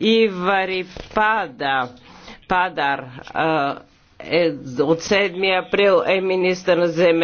и Варипада Падар е, от 7 април е министър на земеделието